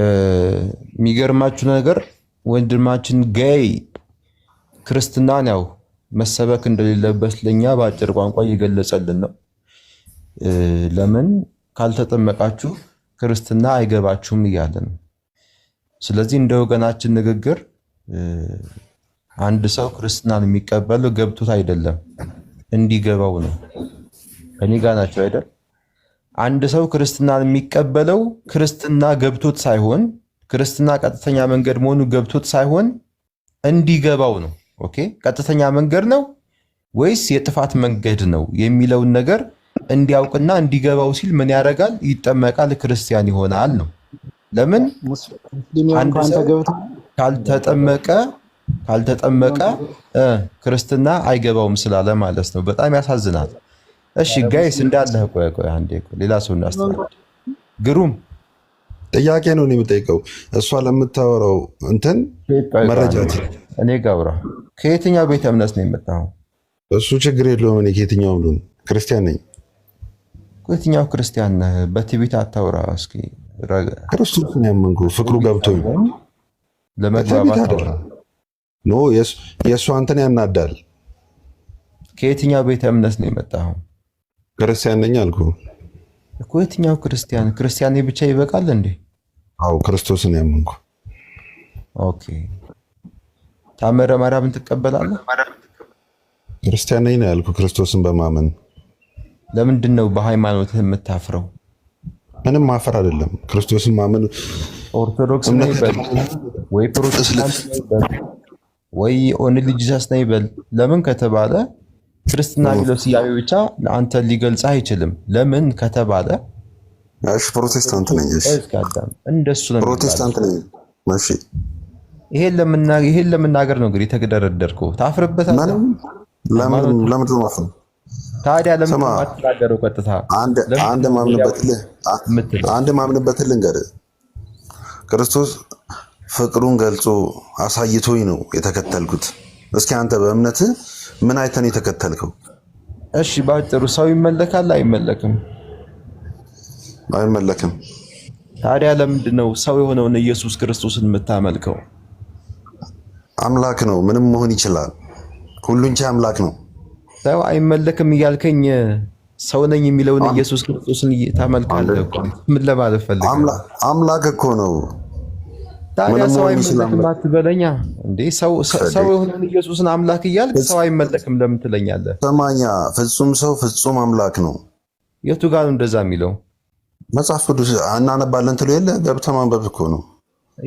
የሚገርማችሁ ነገር ወንድማችን ገይ ክርስትናን ያው መሰበክ እንደሌለበት ለእኛ በአጭር ቋንቋ እየገለጸልን ነው። ለምን ካልተጠመቃችሁ ክርስትና አይገባችሁም እያለ ነው። ስለዚህ እንደ ወገናችን ንግግር አንድ ሰው ክርስትናን የሚቀበለው ገብቶት አይደለም፣ እንዲገባው ነው። እኔ ጋ ናቸው አይደል? አንድ ሰው ክርስትናን የሚቀበለው ክርስትና ገብቶት ሳይሆን ክርስትና ቀጥተኛ መንገድ መሆኑ ገብቶት ሳይሆን እንዲገባው ነው። ኦኬ ቀጥተኛ መንገድ ነው ወይስ የጥፋት መንገድ ነው የሚለውን ነገር እንዲያውቅና እንዲገባው ሲል ምን ያደርጋል? ይጠመቃል፣ ክርስቲያን ይሆናል ነው። ለምን አንድ ሰው ካልተጠመቀ ካልተጠመቀ ክርስትና አይገባውም ስላለ ማለት ነው። በጣም ያሳዝናል። እሺ ጋይስ እንዳለ ቆይ ቆይ አንዴ ቆይ፣ ሌላ ሰው እንዳስተናግድ። ግሩም ጥያቄ ነው የምጠይቀው። እሷ ለምታወራው እንትን መረጃት እኔ ጋብራ ከየትኛው ቤተ እምነት ነው የመጣው? እሱ ችግር የለውም። እኔ ከየትኛው ሉን ክርስቲያን ነኝ። የትኛው ክርስቲያን ነህ? በትዕቢት አታውራ። እስኪ ክርስቶስ ክርስቶስን ያመንኩ ፍቅሩ ገብቶኝ ለመግባባት ኖ የእሷ እንትን ያናዳል። ከየትኛው ቤተ እምነት ነው የመጣው? ክርስቲያን ነኝ አልኩ እኮ። የትኛው ክርስቲያን? ክርስቲያኔ ብቻ ይበቃል እንዴ? አዎ ክርስቶስን ያመንኩ። ኦኬ ታምረ ማርያምን ትቀበላለህ? ክርስቲያን ነኝ ነው ያልኩ፣ ክርስቶስን በማመን ለምንድን ነው በሃይማኖት የምታፍረው? ምንም ማፈር አይደለም። ክርስቶስን ማመን ኦርቶዶክስ ነኝ ይበል ወይ ፕሮቴስታንት ነኝ ወይ ኦንሊ ጂዛስ ነኝ ይበል። ለምን ከተባለ ክርስትና የሚለው ስያሜ ብቻ ለአንተ ሊገልጽ አይችልም። ለምን ከተባለ ፕሮቴስታንት ነኝ፣ እንደሱ ነው ፕሮቴስታንት ነኝ። ይሄን ለመናገር ነው እንግዲህ የተገደረደርከው። ታፍርበታለህ። ለምንድን ነው ታዲያ ለምን አትናገረው? ቀጥታ አንድ ማምንበትን ልንገርህ። ክርስቶስ ፍቅሩን ገልጾ አሳይቶኝ ነው የተከተልኩት። እስኪ አንተ በእምነትህ ምን አይተን የተከተልከው? እሺ ባጭሩ ሰው ይመለካል አይመለክም? አይመለክም። ታዲያ ለምንድን ነው ሰው የሆነውን ኢየሱስ ክርስቶስን የምታመልከው? አምላክ ነው፣ ምንም መሆን ይችላል። ሁሉን ቻይ አምላክ ነው። ሰው አይመለክም እያልከኝ ሰው ነኝ የሚለውን ኢየሱስ ክርስቶስን ታመልካለህ? ምን ለማለት ፈልገህ? አምላክ እኮ ነው ታዲያ ሰው አይመለክም አትበለኛ እንዴ? ሰው የሆነን ኢየሱስን አምላክ እያልክ ሰው አይመለክም ለምን ትለኛለህ? ሰማኛ ፍጹም ሰው ፍጹም አምላክ ነው። የቱ ጋር ነው እንደዛ የሚለው? መጽሐፍ ቅዱስ እናነባለን ትሎ የለ ገብተህ ማንበብ እኮ ነው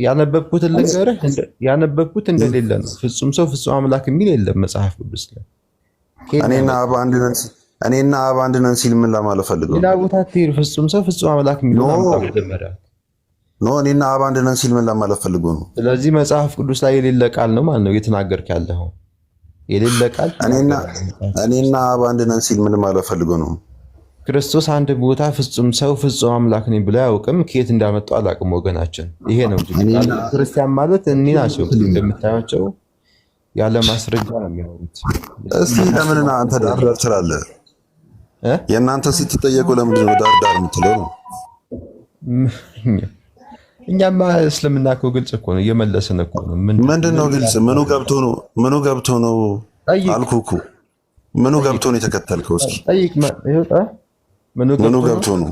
ያነበብኩት። ልንገርህ ያነበብኩት እንደሌለ ነው። ፍጹም ሰው ፍጹም አምላክ የሚል የለም መጽሐፍ ቅዱስ ላይ። እኔና አብ አንድ ነን ሲል ምን ለማለት ፈልገው? ሌላ ቦታ ትሄድ። ፍጹም ሰው ፍጹም አምላክ የሚለው መጀመሪያ ኖ እኔና አብ አንድ ነን ሲል ምን ለማለት ፈልጎ ነው? ስለዚህ መጽሐፍ ቅዱስ ላይ የሌለ ቃል ነው ማለት ነው እየተናገርክ ያለው የሌለ ቃል። እኔና አብ አንድ ነን ሲል ምን ማለት ፈልጎ ነው? ክርስቶስ አንድ ቦታ ፍጹም ሰው ፍጹም አምላክ ነኝ ብሎ አያውቅም። ከየት እንዳመጡ አላውቅም። ወገናችን ይሄ ነው ክርስቲያን ማለት እኔ ናቸው። እንደምታያቸው ያለ ማስረጃ ነው የሚኖሩት። እስቲ ለምን አንተ ዳርዳር ትላለህ? የእናንተ ስትጠየቁ ለምንድን ነው ዳርዳር የምትለው ነው? እኛማ እስልምና እኮ ግልጽ እኮ ነው፣ እየመለስን እኮ ነው። ምንድን ነው ግልጽ? ምኑ ገብቶ ነው? ምኑ ገብቶ ነው አልኩህ እኮ። ምኑ ገብቶ ነው የተከተልከው? እስኪ ምኑ ገብቶ ነው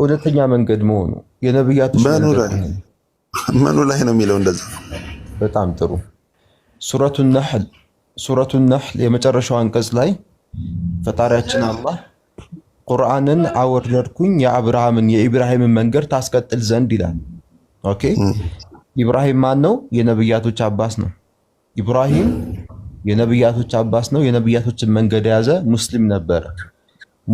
እውነተኛ መንገድ መሆኑ የነብያት ምኑ ላይ ምኑ ላይ ነው የሚለው? እንደዛ በጣም ጥሩ። ሱረቱ ነህል ሱረቱ ነህል የመጨረሻው አንቀጽ ላይ ፈጣሪያችን አላህ ቁርአንን አወረድኩኝ የአብርሃምን የኢብራሂምን መንገድ ታስቀጥል ዘንድ ይላል። ኦኬ ኢብራሂም ማን ነው? የነብያቶች አባስ ነው። ኢብራሂም የነብያቶች አባስ ነው። የነብያቶችን መንገድ የያዘ ሙስሊም ነበረ።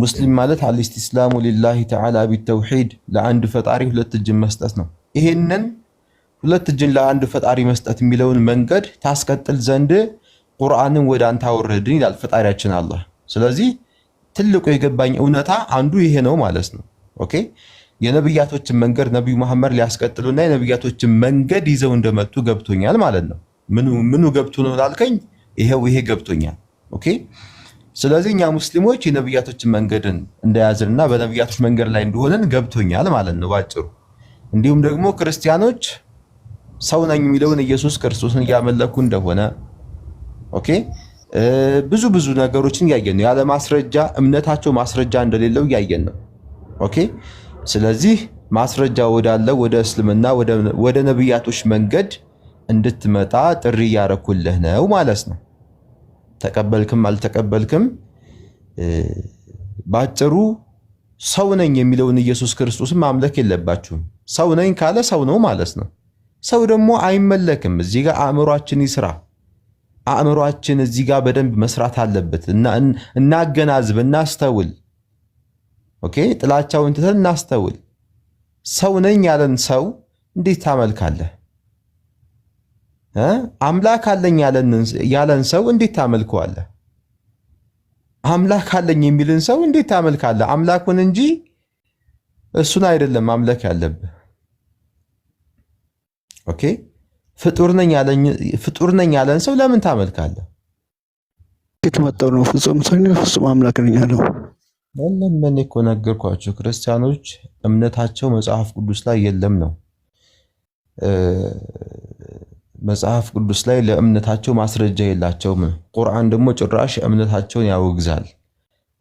ሙስሊም ማለት አልስት ኢስላሙ ሊላሂ ተዓላ ቢተውሂድ ለአንድ ፈጣሪ ሁለት እጅን መስጠት ነው። ይሄንን ሁለት እጅን ለአንድ ፈጣሪ መስጠት የሚለውን መንገድ ታስቀጥል ዘንድ ቁርአንን ወደ አንተ አወረድን ይላል ፈጣሪያችን አላህ። ስለዚህ ትልቁ የገባኝ እውነታ አንዱ ይሄ ነው ማለት ነው ኦኬ የነብያቶችን መንገድ ነቢዩ መሐመድ ሊያስቀጥሉና የነብያቶችን መንገድ ይዘው እንደመጡ ገብቶኛል ማለት ነው። ምኑ ገብቶ ነው ላልከኝ፣ ይሄው ይሄ ገብቶኛል። ኦኬ። ስለዚህ እኛ ሙስሊሞች የነብያቶችን መንገድን እንደያዝንና በነብያቶች መንገድ ላይ እንደሆንን ገብቶኛል ማለት ነው ባጭሩ። እንዲሁም ደግሞ ክርስቲያኖች ሰው ነኝ የሚለውን ኢየሱስ ክርስቶስን እያመለኩ እንደሆነ ኦኬ ብዙ ብዙ ነገሮችን እያየን ነው። ያለ ማስረጃ እምነታቸው ማስረጃ እንደሌለው እያየን ነው። ኦኬ ስለዚህ ማስረጃ ወዳለው ወደ እስልምና ወደ ነቢያቶች መንገድ እንድትመጣ ጥሪ እያረኩልህ ነው ማለት ነው። ተቀበልክም አልተቀበልክም ባጭሩ ሰው ነኝ የሚለውን ኢየሱስ ክርስቶስን ማምለክ የለባችሁም። ሰው ነኝ ካለ ሰው ነው ማለት ነው። ሰው ደግሞ አይመለክም። እዚህ ጋር አእምሯችን ይስራ። አእምሯችን እዚህ ጋር በደንብ መስራት አለበት። እናገናዝብ፣ እናስተውል። ኦኬ ጥላቻውን ትተን እናስተውል። ሰው ነኝ ያለን ሰው እንዴት ታመልካለህ? አምላክ አለኝ ያለን ሰው እንዴት ታመልከዋለህ? አምላክ አለኝ የሚልን ሰው እንዴት ታመልካለህ? አምላኩን እንጂ እሱን አይደለም ማምለክ ያለብህ። ኦኬ ፍጡር ነኝ ያለን ሰው ለምን ታመልካለህ? ነው ፍጹም ሰው ፍጹም አምላክ ነኝ ያለው የለም እኔ እኮ ነገርኳቸው። ክርስቲያኖች እምነታቸው መጽሐፍ ቅዱስ ላይ የለም ነው። መጽሐፍ ቅዱስ ላይ ለእምነታቸው ማስረጃ የላቸውም። ቁርአን ደግሞ ጭራሽ እምነታቸውን ያወግዛል።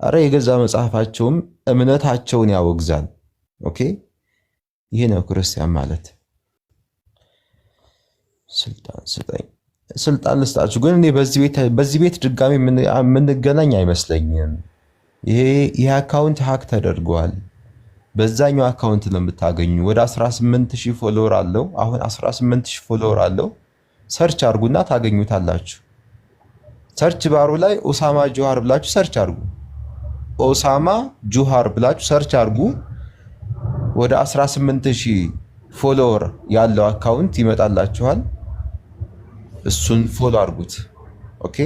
አረ የገዛ መጽሐፋቸውም እምነታቸውን ያወግዛል። ኦኬ ይሄ ነው ክርስቲያን ማለት። ስልጣን ስጠኝ፣ ስልጣን ልስጣችሁ። ግን እኔ በዚህ ቤት ድጋሚ የምንገናኝ አይመስለኝም። ይህ አካውንት ሀክ ተደርገዋል። በዛኛው አካውንት ነው የምታገኙ። ወደ 18000 ፎሎወር አለው። አሁን 18000 ፎሎወር አለው። ሰርች አርጉና ታገኙታላችሁ። ሰርች ባሩ ላይ ኦሳማ ጆሃር ብላችሁ ሰርች አርጉ። ኦሳማ ጆሃር ብላችሁ ሰርች አርጉ። ወደ ሺህ ፎሎወር ያለው አካውንት ይመጣላችኋል። እሱን ፎሎ አርጉት። ኦኬ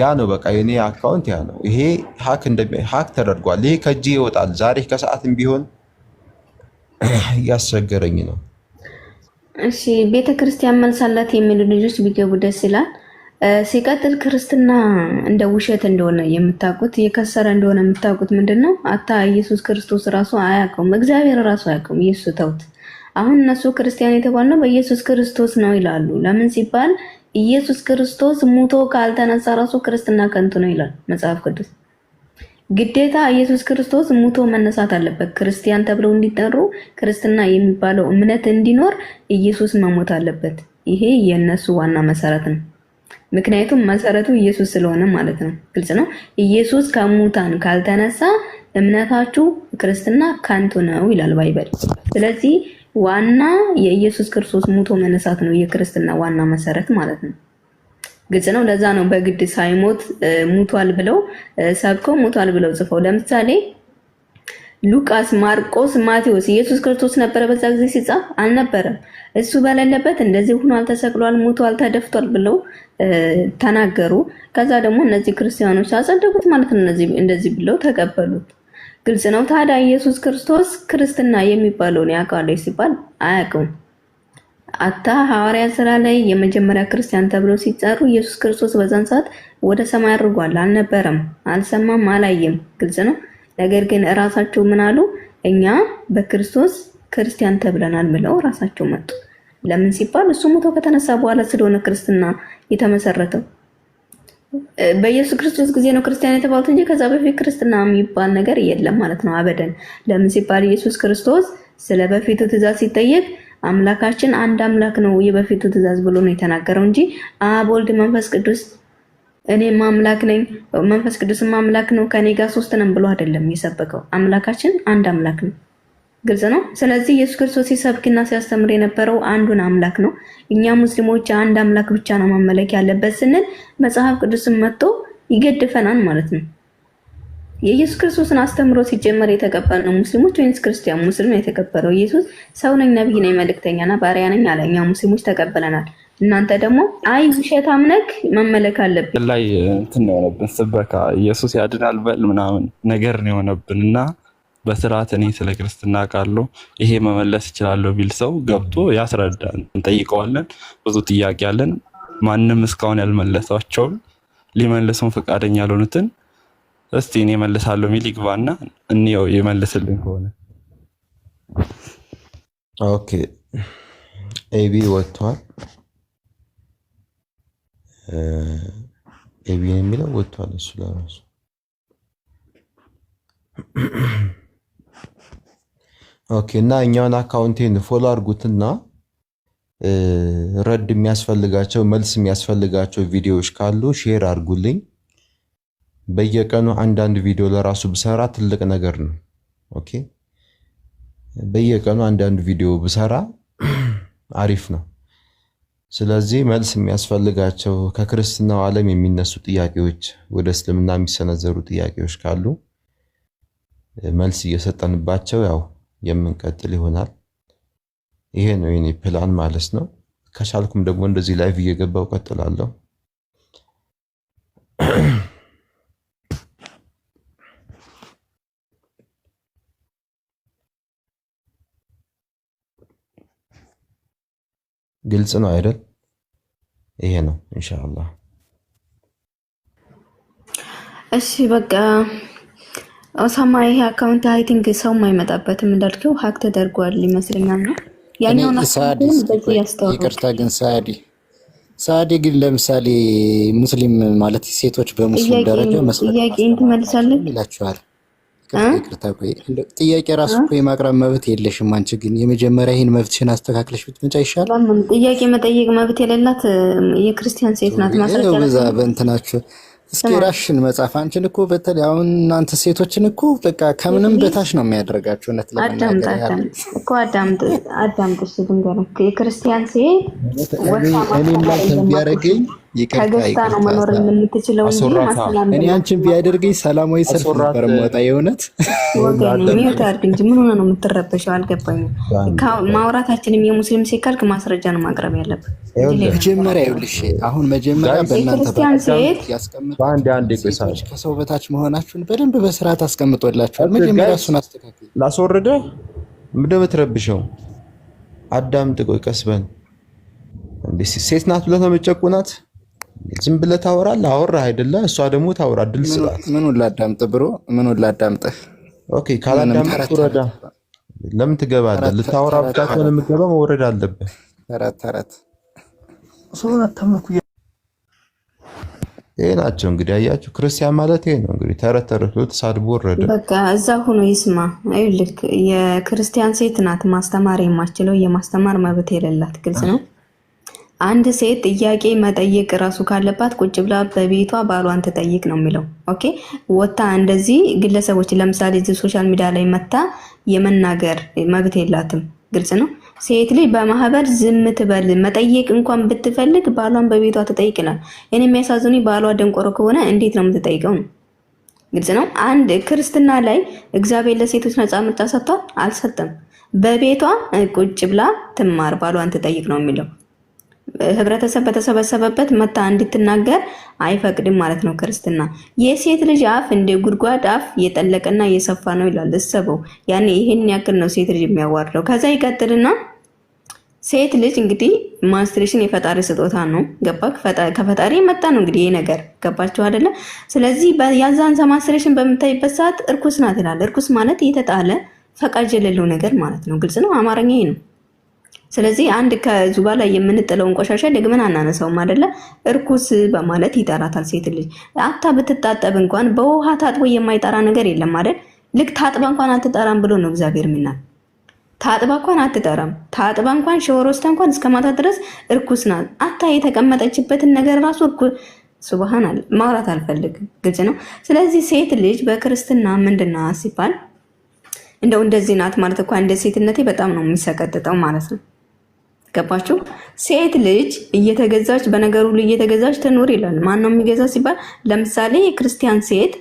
ያ ነው በቃ የኔ አካውንት ያ ነው። ይሄ ሀክ ሀክ ተደርጓል። ይሄ ከእጅ ይወጣል። ዛሬ ከሰዓትም ቢሆን እያስቸገረኝ ነው። እሺ ቤተ ክርስቲያን መልሳላት የሚሉ ልጆች ቢገቡ ደስ ይላል። ሲቀጥል ክርስትና እንደ ውሸት እንደሆነ የምታውቁት የከሰረ እንደሆነ የምታውቁት ምንድን ነው? አታ ኢየሱስ ክርስቶስ ራሱ አያውቀውም፣ እግዚአብሔር ራሱ አያውቀውም። ኢየሱስ ተውት። አሁን እነሱ ክርስቲያን የተባልነው በኢየሱስ ክርስቶስ ነው ይላሉ። ለምን ሲባል ኢየሱስ ክርስቶስ ሙቶ ካልተነሳ ራሱ ክርስትና ከንቱ ነው ይላል መጽሐፍ ቅዱስ። ግዴታ ኢየሱስ ክርስቶስ ሙቶ መነሳት አለበት። ክርስቲያን ተብለው እንዲጠሩ ክርስትና የሚባለው እምነት እንዲኖር ኢየሱስ መሞት አለበት። ይሄ የእነሱ ዋና መሰረት ነው። ምክንያቱም መሰረቱ ኢየሱስ ስለሆነ ማለት ነው። ግልጽ ነው። ኢየሱስ ከሙታን ካልተነሳ እምነታችሁ ክርስትና ከንቱ ነው ይላል ባይበል። ስለዚህ ዋና የኢየሱስ ክርስቶስ ሙቶ መነሳት ነው የክርስትና ዋና መሰረት ማለት ነው። ግልጽ ነው። ለዛ ነው በግድ ሳይሞት ሙቷል ብለው ሰብከው ሙቷል ብለው ጽፈው። ለምሳሌ ሉቃስ፣ ማርቆስ፣ ማቴዎስ ኢየሱስ ክርስቶስ ነበረ በዛ ጊዜ ሲጻፍ አልነበረም። እሱ በሌለበት እንደዚህ ሁኗል፣ ተሰቅሏል፣ ሙቷል፣ ተደፍቷል ብለው ተናገሩ። ከዛ ደግሞ እነዚህ ክርስቲያኖች አጸደቁት ማለት ነው። እንደዚህ ብለው ተቀበሉት። ግልጽ ነው። ታዲያ ኢየሱስ ክርስቶስ ክርስትና የሚባለውን ያውቀዋል ሲባል አያውቅም። አታ ሐዋርያ ስራ ላይ የመጀመሪያ ክርስቲያን ተብለው ሲጠሩ ኢየሱስ ክርስቶስ በዛን ሰዓት ወደ ሰማይ አድርጓል። አልነበረም፣ አልሰማም፣ አላየም። ግልጽ ነው። ነገር ግን እራሳቸው ምን አሉ? እኛ በክርስቶስ ክርስቲያን ተብለናል ብለው ራሳቸው መጡ። ለምን ሲባል እሱ ሞቶ ከተነሳ በኋላ ስለሆነ ክርስትና የተመሰረተው በኢየሱስ ክርስቶስ ጊዜ ነው ክርስቲያን የተባሉት እንጂ ከዛ በፊት ክርስትና የሚባል ነገር የለም ማለት ነው። አበደን። ለምን ሲባል ኢየሱስ ክርስቶስ ስለ በፊቱ ትእዛዝ ሲጠየቅ አምላካችን አንድ አምላክ ነው የበፊቱ ትእዛዝ ብሎ ነው የተናገረው እንጂ አብ፣ ወልድ፣ መንፈስ ቅዱስ እኔም አምላክ ነኝ መንፈስ ቅዱስም አምላክ ነው ከኔ ጋር ሶስት ነን ብሎ አይደለም የሰበከው። አምላካችን አንድ አምላክ ነው። ግልጽ ነው። ስለዚህ ኢየሱስ ክርስቶስ ሲሰብክና ሲያስተምር የነበረው አንዱን አምላክ ነው። እኛ ሙስሊሞች አንድ አምላክ ብቻ ነው ማመለክ ያለበት ስንል መጽሐፍ ቅዱስን መጥቶ ይገድፈናል ማለት ነው። የኢየሱስ ክርስቶስን አስተምሮ ሲጀመር የተቀበል ነው ሙስሊሞች ወይስ ክርስቲያን? ሙስሊም የተቀበለው ኢየሱስ ሰው ነኝ፣ ነቢይ ነኝ፣ መልእክተኛ መልእክተኛና ባሪያ ነኝ አለ። እኛ ሙስሊሞች ተቀበለናል። እናንተ ደግሞ አይ ውሸት አምነክ መመለክ አለብን ላይ እንትን የሆነብን ስበካ ኢየሱስ ያድናል በል ምናምን ነገር ነው የሆነብን እና በስርዓት እኔ ስለ ክርስትና ቃለው ይሄ መመለስ እችላለሁ ቢል ሰው ገብቶ ያስረዳን፣ እንጠይቀዋለን። ብዙ ጥያቄ አለን። ማንም እስካሁን ያልመለሷቸውን ሊመልሱን ፈቃደኛ ያልሆኑትን እስቲ እኔ መልሳለሁ የሚል ይግባና እንየው ይመልስልን ። ከሆነ ኦኬ። ኤቢ ወጥቷል። ኤቢ የሚለው ወጥቷል እሱ ለራሱ ኦኬ እና እኛውን አካውንቴን ፎሎ አድርጉትና ረድ የሚያስፈልጋቸው መልስ የሚያስፈልጋቸው ቪዲዮዎች ካሉ ሼር አድርጉልኝ። በየቀኑ አንዳንድ ቪዲዮ ለራሱ ብሰራ ትልቅ ነገር ነው። ኦኬ በየቀኑ አንዳንድ ቪዲዮ ብሰራ አሪፍ ነው። ስለዚህ መልስ የሚያስፈልጋቸው ከክርስትናው ዓለም የሚነሱ ጥያቄዎች፣ ወደ እስልምና የሚሰነዘሩ ጥያቄዎች ካሉ መልስ እየሰጠንባቸው ያው የምንቀጥል ይሆናል። ይሄ ነው የኔ ፕላን ማለት ነው። ከቻልኩም ደግሞ እንደዚህ ላይቭ እየገባው ቀጥላለሁ። ግልጽ ነው አይደል? ይሄ ነው ኢንሻአላህ። እሺ በቃ ኦሳማ ይሄ አካውንት አይ ቲንክ ሰው የማይመጣበትም እንዳልከው ሀክ ተደርጓል ይመስለኛል። ነው ያኛውን ይቅርታ ግን ሳዲ ሳዲ ግን ለምሳሌ ሙስሊም ማለት ሴቶች በሙስሊም ደረጃ መስለኝ ትመልሳለህ ይላችኋል። ይቅርታ ቆይ ጥያቄ ራሱ እኮ የማቅረብ መብት የለሽም አንቺ። ግን የመጀመሪያ ይህን መብትሽን አስተካክለሽ ብትመጪ ይሻላል። ጥያቄ መጠየቅ መብት የሌላት የክርስቲያን ሴት ናት። ማስረጃ በዛ በእንትናችሁ እስኪ ራሽን መጽሐፍ አንቺን እኮ በተለይ አሁን እናንተ ሴቶችን እኮ በቃ ከምንም በታች ነው የሚያደርጋችሁ። እውነት ለመናገር እኮ አዳምጥ፣ የክርስቲያን ሴት እኔም ላንተ ቢያደርገኝ ከገዛ ነው መኖር የምንችለው እንጂ ማሰላም እኔ አንቺን ቢያደርገኝ ሰላማዊ ሰልፍ ነበር የምወጣ። የእውነት ሚዩት አድርግ እንጂ ምን ሆነ ነው የምትረበሸው? አልገባኝም። ማውራታችንም የሙስሊም ሲካልክ ማስረጃ ነው ማቅረብ ያለብን። መጀመሪያ ይኸውልሽ፣ አሁን መጀመሪያ በእናንተክርስቲያን ሴት ያስቀምጥ ከሰው በታች መሆናችሁን በደንብ በስርዓት አስቀምጦላችኋል። መጀመሪያ እሱን አስተካክል። ላስወርደ ምንድን ነው የምትረብሸው? አዳምጥ፣ ቆይ ቀስ በል። ሴት ናት ብለህ ነው የምትጨቁናት? ዝም ብለህ ታወራለህ። አወራህ አይደለ? እሷ ደግሞ ታወራ ድል ስላት። ምኑን ላዳምጥህ ብሮ፣ ምኑን ላዳምጥህ? ኦኬ ካላዳምጥህ ትረዳ ለምን ትገባለህ? ልታወራ ብቻ የምትገባ መውረድ አለብህ። ተረት ተረት ሰውን አታምልኩ። ይሄ ናቸው እንግዲህ አያችሁ፣ ክርስቲያን ማለት ይሄ ነው እንግዲህ። ተረት ተረት ተሳድቦ ወረደ። በቃ እዛ ሆኖ ይስማ። ይኸውልህ የክርስቲያን ሴት ናት ማስተማር የማችለው የማስተማር መብት የሌላት ግልጽ ነው። አንድ ሴት ጥያቄ መጠየቅ ራሱ ካለባት ቁጭ ብላ በቤቷ ባሏን ትጠይቅ ነው የሚለው። ኦኬ ወታ እንደዚህ ግለሰቦች ለምሳሌ እዚህ ሶሻል ሚዲያ ላይ መታ የመናገር መብት የላትም። ግልጽ ነው። ሴት ልጅ በማህበር ዝም ትበል። መጠየቅ እንኳን ብትፈልግ ባሏን በቤቷ ትጠይቅናል። እኔ የሚያሳዝኑ ባሏ ደንቆሮ ከሆነ እንዴት ነው የምትጠይቀው? ነው ግልጽ ነው። አንድ ክርስትና ላይ እግዚአብሔር ለሴቶች ነፃ ምርጫ ሰጥቷል? አልሰጠም። በቤቷ ቁጭ ብላ ትማር፣ ባሏን ትጠይቅ ነው የሚለው ህብረተሰብ በተሰበሰበበት መታ እንድትናገር አይፈቅድም ማለት ነው ክርስትና። የሴት ልጅ አፍ እንደ ጉድጓድ አፍ የጠለቀና የሰፋ ነው ይላል እሰበው። ያኔ ይህን ያክል ነው ሴት ልጅ የሚያዋርደው። ከዛ ይቀጥልና ሴት ልጅ እንግዲህ ማንስትሬሽን የፈጣሪ ስጦታ ነው። ገባ? ከፈጣሪ መጣ ነው እንግዲህ ይሄ ነገር ገባችሁ አደለ? ስለዚህ ያዛን ማንስትሬሽን በምታይበት ሰዓት እርኩስ ናት ይላል። እርኩስ ማለት የተጣለ ፈቃጅ የሌለው ነገር ማለት ነው። ግልጽ ነው። አማርኛ ይሄ ነው። ስለዚህ አንድ ከዙባ ላይ የምንጥለውን ቆሻሻ ደግመን አናነሳውም አይደለ? እርኩስ በማለት ይጠራታል። ሴት ልጅ አታ ብትታጠብ እንኳን በውሃ ታጥቦ የማይጠራ ነገር የለም አይደል? ልክ ታጥባ እንኳን አትጠራም ብሎ ነው እግዚአብሔር ምናል። ታጥባ እንኳን አትጠራም። ታጥባ እንኳን ሸወር ወስዳ እንኳን እስከ ማታ ድረስ እርኩስ ናት። አታ የተቀመጠችበትን ነገር ራሱ እርኩስ ሱብሃን አለ ማውራት አልፈልግም። ግልጽ ነው። ስለዚህ ሴት ልጅ በክርስትና ምንድና ሲባል እንደው እንደዚህ ናት ማለት እንኳን እንደ ሴትነቴ በጣም ነው የሚሰቀጥጠው ማለት ነው። ገባችሁ? ሴት ልጅ እየተገዛች በነገር ሁሉ እየተገዛች ትኑር ይላል። ማን ነው የሚገዛ ሲባል፣ ለምሳሌ ክርስቲያን ሴት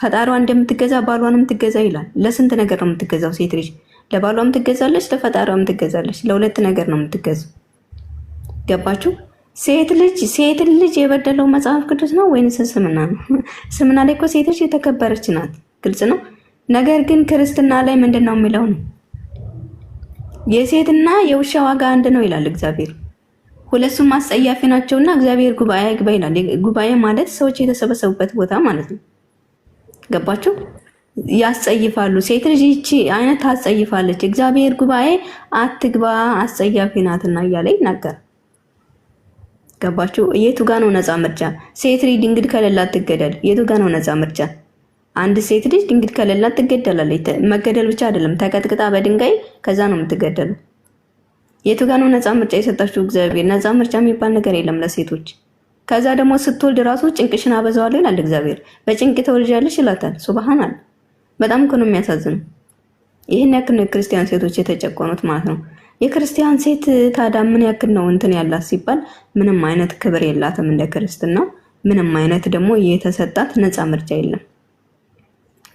ፈጣሪዋ እንደምትገዛ ባሏን የምትገዛ ይላል። ለስንት ነገር ነው የምትገዛው? ሴት ልጅ ለባሏ ምትገዛለች ለፈጣሪዋ ትገዛለች ለሁለት ነገር ነው የምትገዛው። ገባችሁ? ሴት ልጅ ሴት ልጅ የበደለው መጽሐፍ ቅዱስ ነው ወይንስ ስምና ነው? ስምና ላይ እኮ ሴት ልጅ የተከበረች ናት። ግልጽ ነው። ነገር ግን ክርስትና ላይ ምንድን ነው የሚለው ነው የሴትና የውሻ ዋጋ አንድ ነው ይላል እግዚአብሔር። ሁለቱም አስጸያፊ ናቸውና እግዚአብሔር ጉባኤ አይግባ ይላል። ጉባኤ ማለት ሰዎች የተሰበሰቡበት ቦታ ማለት ነው። ገባችሁ? ያስጸይፋሉ። ሴት ልጅ ይቺ አይነት ታስጸይፋለች። እግዚአብሔር ጉባኤ አትግባ አስጸያፊ ናትና እያለ ይናገር። ገባችሁ? የቱ ጋ ነው ነፃ ምርጫ? ሴት ሪድ እንግድ ከሌላ አትገደል። የቱ ጋ ነው ነፃ ምርጫ? አንድ ሴት ልጅ ድንግል ከሌላት ትገደላለች። መገደል ብቻ አይደለም ተቀጥቅጣ በድንጋይ ከዛ ነው የምትገደሉ። የቱ ጋ ነው ነፃ ምርጫ የሰጣችሁ እግዚአብሔር? ነፃ ምርጫ የሚባል ነገር የለም ለሴቶች። ከዛ ደግሞ ስትወልድ ራሱ ጭንቅሽን አበዛዋለሁ ይላል እግዚአብሔር። በጭንቅ ተወልጃለሽ ይላታል። ሱብሃን አለ። በጣም እኮ ነው የሚያሳዝነው። ይህን ያክል ነው የክርስቲያን ሴቶች የተጨቆኑት ማለት ነው። የክርስቲያን ሴት ታዲያ ምን ያክል ነው እንትን ያላት ሲባል ምንም አይነት ክብር የላትም እንደ ክርስትና፣ ምንም አይነት ደግሞ የተሰጣት ነፃ ምርጫ የለም።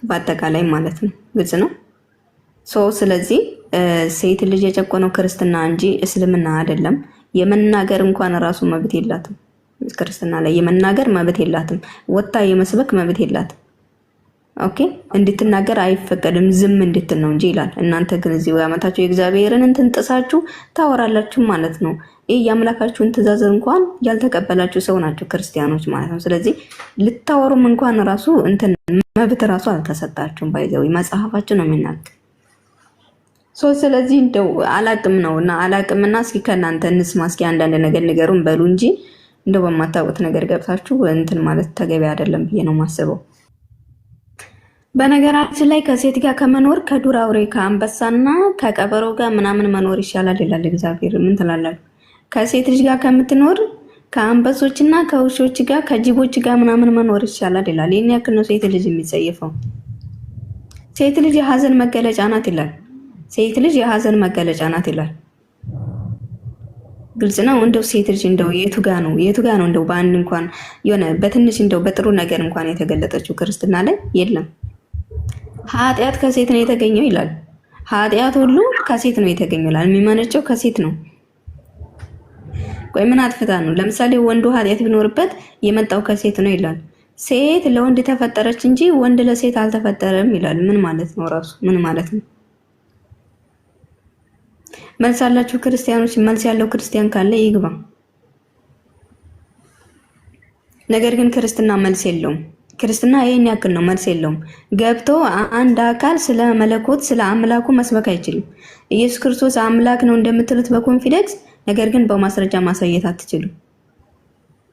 በአጠቃላይ ማለት ነው። ግልጽ ነው። ሶ ስለዚህ ሴት ልጅ የጨቆነው ክርስትና እንጂ እስልምና አይደለም። የመናገር እንኳን ራሱ መብት የላትም። ክርስትና ላይ የመናገር መብት የላትም። ወታ የመስበክ መብት የላትም። ኦኬ እንድትናገር አይፈቀድም፣ ዝም እንድትል ነው እንጂ ይላል። እናንተ ግን እዚህ ያመታችሁ የእግዚአብሔርን እንትን ጥሳችሁ ታወራላችሁ ማለት ነው። ይህ የአምላካችሁን ትእዛዝ እንኳን ያልተቀበላችሁ ሰው ናቸው ክርስቲያኖች ማለት ነው። ስለዚህ ልታወሩም እንኳን ራሱ እንትን መብት ራሱ አልተሰጣችሁም። ባይዘዊ መጽሐፋችሁ ነው የሚናገ ሶ ስለዚህ እንደው አላቅም ነው እና አላቅምና እስኪ ከእናንተ እንስማ እስኪ አንዳንድ ነገር ንገሩን በሉ እንጂ እንደው በማታውቁት ነገር ገብታችሁ እንትን ማለት ተገቢ አይደለም ብዬ ነው ማስበው። በነገራችን ላይ ከሴት ጋር ከመኖር ከዱር አውሬ ከአንበሳና ከቀበሮ ጋር ምናምን መኖር ይሻላል ይላል እግዚአብሔር። ምን ትላላችሁ? ከሴት ልጅ ጋር ከምትኖር ከአንበሶችና ከውሾች ጋር ከጅቦች ጋር ምናምን መኖር ይሻላል ይላል። ይህን ያክል ነው ሴት ልጅ የሚጸየፈው። ሴት ልጅ የሀዘን መገለጫ ናት ይላል። ሴት ልጅ የሀዘን መገለጫ ናት ይላል። ግልጽ ነው። እንደው ሴት ልጅ እንደው የቱ ጋ ነው የቱ ጋ ነው እንደው በአንድ እንኳን የሆነ በትንሽ እንደው በጥሩ ነገር እንኳን የተገለጠችው ክርስትና ላይ የለም። ኃጢአት ከሴት ነው የተገኘው ይላል። ኃጢአት ሁሉ ከሴት ነው የተገኘው ይላል። የሚመነጨው ከሴት ነው። ቆይ ምን አጥፍታ ነው? ለምሳሌ ወንዱ ኃጢአት ቢኖርበት የመጣው ከሴት ነው ይላል። ሴት ለወንድ ተፈጠረች እንጂ ወንድ ለሴት አልተፈጠረም ይላል። ምን ማለት ነው? ራሱ ምን ማለት ነው? መልስ ክርስቲያኖች፣ መልስ ያለው ክርስቲያን ካለ ይግባ። ነገር ግን ክርስትና መልስ የለውም። ክርስትና ይሄን ያክል ነው፣ መልስ የለውም። ገብቶ አንድ አካል ስለ መለኮት ስለ አምላኩ መስበክ አይችልም። ኢየሱስ ክርስቶስ አምላክ ነው እንደምትሉት በኮንፊደንስ ነገር ግን በማስረጃ ማሳየት አትችሉም።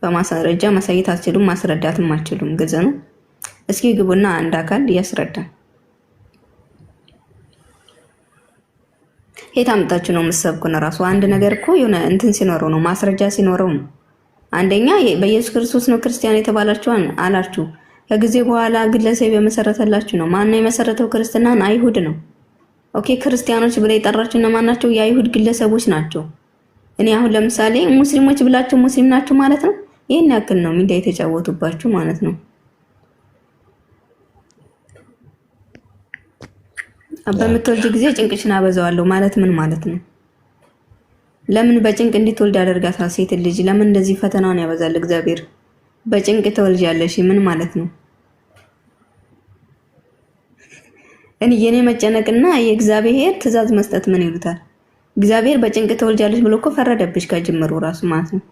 በማስረጃ ማሳየት አትችሉም፣ ማስረዳትም አትችሉም። ግልጽ ነው። እስኪ ግቡና አንድ አካል እያስረዳል። የት አምጣችሁ ነው የምትሰብኩን? እራሱ አንድ ነገር እኮ የሆነ እንትን ሲኖረው ነው ማስረጃ ሲኖረው ነው። አንደኛ በኢየሱስ ክርስቶስ ነው ክርስቲያን የተባላችኋን አላችሁ ከጊዜ በኋላ ግለሰብ የመሰረተላችሁ ነው። ማን ነው የመሰረተው? ክርስትናን አይሁድ ነው። ኦኬ ክርስቲያኖች ብለ የጠራችሁ እነማን ናቸው? የአይሁድ ግለሰቦች ናቸው። እኔ አሁን ለምሳሌ ሙስሊሞች ብላችሁ ሙስሊም ናችሁ ማለት ነው። ይህን ያክል ነው ሚዲያ የተጫወቱባችሁ ማለት ነው። በምትወልድ ጊዜ ጭንቅሽን አበዛዋለሁ ማለት ምን ማለት ነው? ለምን በጭንቅ እንድትወልድ ያደርጋታል ሴት ልጅ? ለምን እንደዚህ ፈተናውን ያበዛል እግዚአብሔር? በጭንቅ ተወልጃለሽ ምን ማለት ነው? እኔ የኔ መጨነቅና የእግዚአብሔር ትእዛዝ መስጠት ምን ይሉታል? እግዚአብሔር በጭንቅ ተወልጃለች ብሎ እኮ ፈረደብሽ ከጅምሩ ራሱ ማለት ነው።